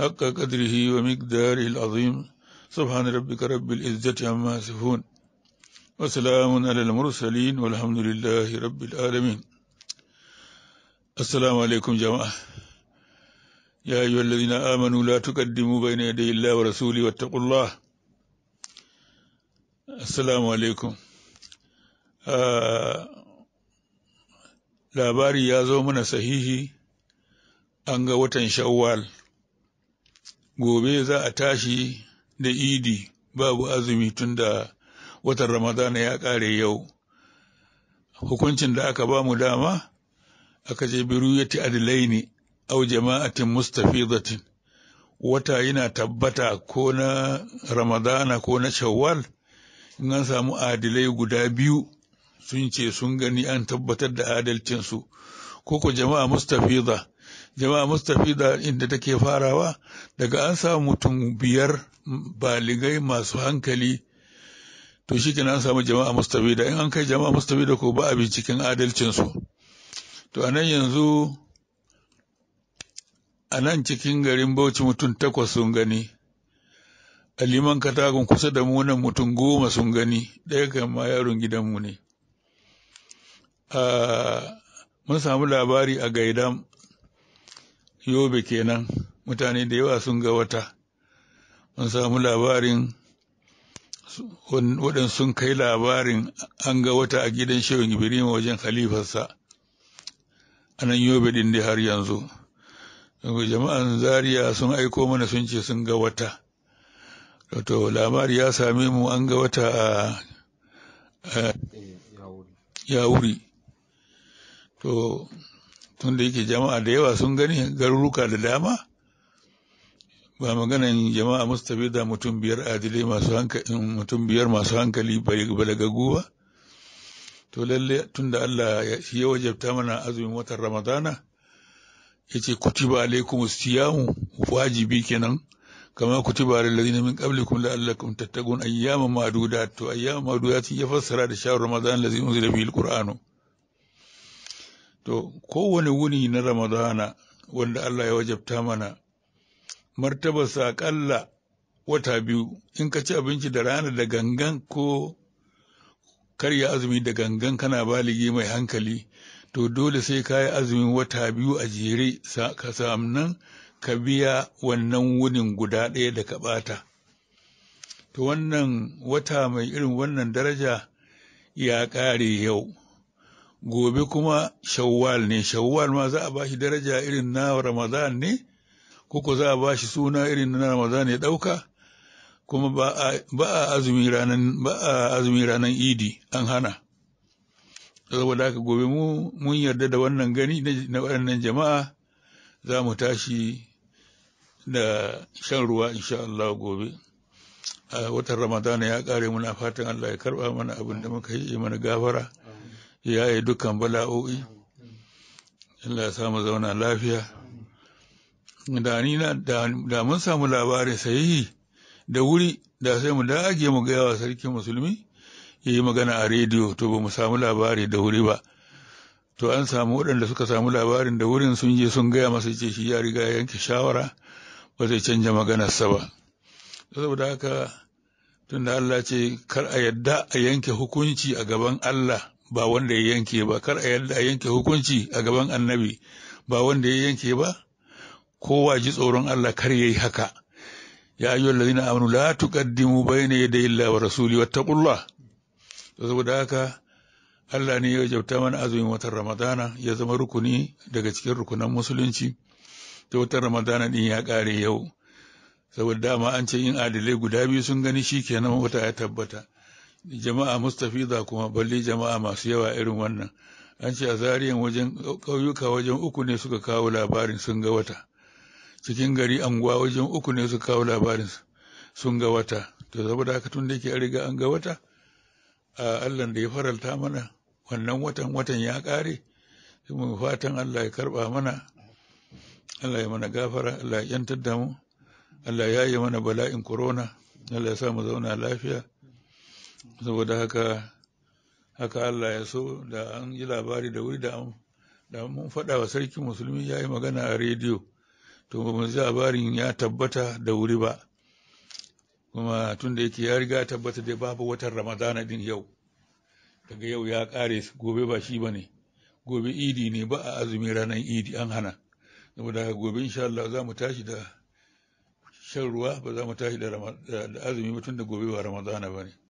حق قدره ومقداره العظيم سبحان ربك رب العزة عما يصفون وسلام على المرسلين والحمد لله رب العالمين السلام عليكم جماعة يا أيها الذين آمنوا لا تقدموا بين يدي الله ورسوله واتقوا الله السلام عليكم آه، لا باري يا زومنا صحيحي sahihi an ga gobe za a tashi da idi babu azumi tun da watan ramadana ya kare yau hukuncin da aka bamu dama aka je biru ya ti adilaini au jama'atin mustafidatin wata yana tabbata ko na ramadana ko na shawwal in an samu adilai guda biyu sun ce sun gani an tabbatar da adalcinsu ko ku jama'a mustafida jama'a da inda take farawa daga an samu mutum biyar baligai masu hankali to shi an samu jama'a mustafida in an kai jama'a mustafida ko ba a binciken adalcinsu to a nan yanzu a nan cikin garin bauchi mutum takwas sun gani a liman katagun kusa da munan mutum goma sun gani ɗaya kan ma yaron gidanmu ne ah, mun samu labari a gaidam yobe kenan mutane da yawa sun ga wata mun samu labarin waɗansu sun kai labarin an ga wata a gidan shehun ibrahim wajen khalifarsa a nan yobe ɗin da har yanzu jama'an zaria sun aiko mana sun ce sun ga wata to labari ya same mu an ga wata a eh, yawuri to tunda yake jama'a da yawa sun gani garuruka da dama ba maganan jama'a mustafi da mutum biyar adilai masu hankali mutum biyar masu hankali balagagu ba to lalle tunda Allah shi ya wajabta mana azumin watan ramadana yace kutiba alaikum siyamu wajibi kenan kama kutiba alal ladina min qablikum la'allakum tattaqun ayyaman ma'dudat to ayyaman ma'dudat ya fassara da shahr ramadan lazim unzila bihi alqur'anu To, kowane wuni na Ramadana wanda Allah ya wajabta mana, martabarsa aƙalla wata biyu, in ka ci abinci da rana da gangan ko karya azumi da gangan kana baligi mai hankali, to dole sai ka yi azumin wata biyu a jere ka nan ka biya wannan wunin guda ɗaya da ka ɓata. To wannan wata mai irin wannan daraja ya ƙare yau. gobe kuma shawwal ne shawwal ma za a bashi daraja irin na ramadan ne koko za a bashi suna irin na ramadan ya ɗauka kuma ba a azumi ranan ba a azumi ranan idi an hana saboda haka gobe mu mun yarda da wannan gani na waɗannan jama'a za mu tashi da shan ruwa insha Allah gobe a watan ramadana ya kare muna fatan Allah ya karba mana abin da muka yi mana gafara ya yi dukkan bala'o'i Allah ya samu zauna lafiya da ni da mun samu labarin sahihi da wuri da sai mu dage mu gaya wa sarkin musulmi ya yi magana a rediyo to ba mu samu labari da wuri ba to an samu waɗanda suka samu labarin da wurin sun je sun gaya masa ce shi ya riga ya yanke shawara ba zai canja maganarsa ba saboda haka tunda Allah ce kar a yadda a yanke hukunci a gaban Allah ba wanda ya yanke ba kar a yadda a yanke hukunci a gaban annabi ba wanda ya yanke ba kowa ji tsoron Allah kar yayi haka ya ayyuhal ladina amanu la tuqaddimu bayna yaday Allah wa rasuli wattaqullah saboda haka Allah ne ya jabta mana azumin watan Ramadana ya zama rukuni daga cikin rukunan musulunci ta watan Ramadana din ya kare yau saboda dama an ce in adalai guda biyu sun gani shikenan wata ya tabbata jama'a mustafiza kuma Balli jama'a masu yawa irin wannan an ce a zariyan wajen ƙauyuka wajen uku ne suka kawo labarin sun ga wata cikin gari anguwa wajen uku ne suka kawo labarin sun ga wata to saboda haka tun da yake an riga an ga wata a allah da ya faralta mana wannan watan watan ya ƙare mu fatan allah ya karɓa mana allah ya mana gafara allah ya yantar da mu allah ya yi mana bala'in corona allah ya sa mu zauna lafiya saboda haka haka Allah ya so da an yi labari da wuri da mun faɗa wa sarki musulmi ya yi magana a rediyo to ba mu labarin ya tabbata da wuri ba kuma tun da yake ya riga tabbata da babu watan ramadana din yau daga yau ya ƙare gobe ba shi ba ne gobe idi ne ba a azumi ranar idi an hana saboda gobe insha Allah za mu tashi da shan ruwa ba za mu tashi da azumi ba tun da gobe ba ramadana ba ne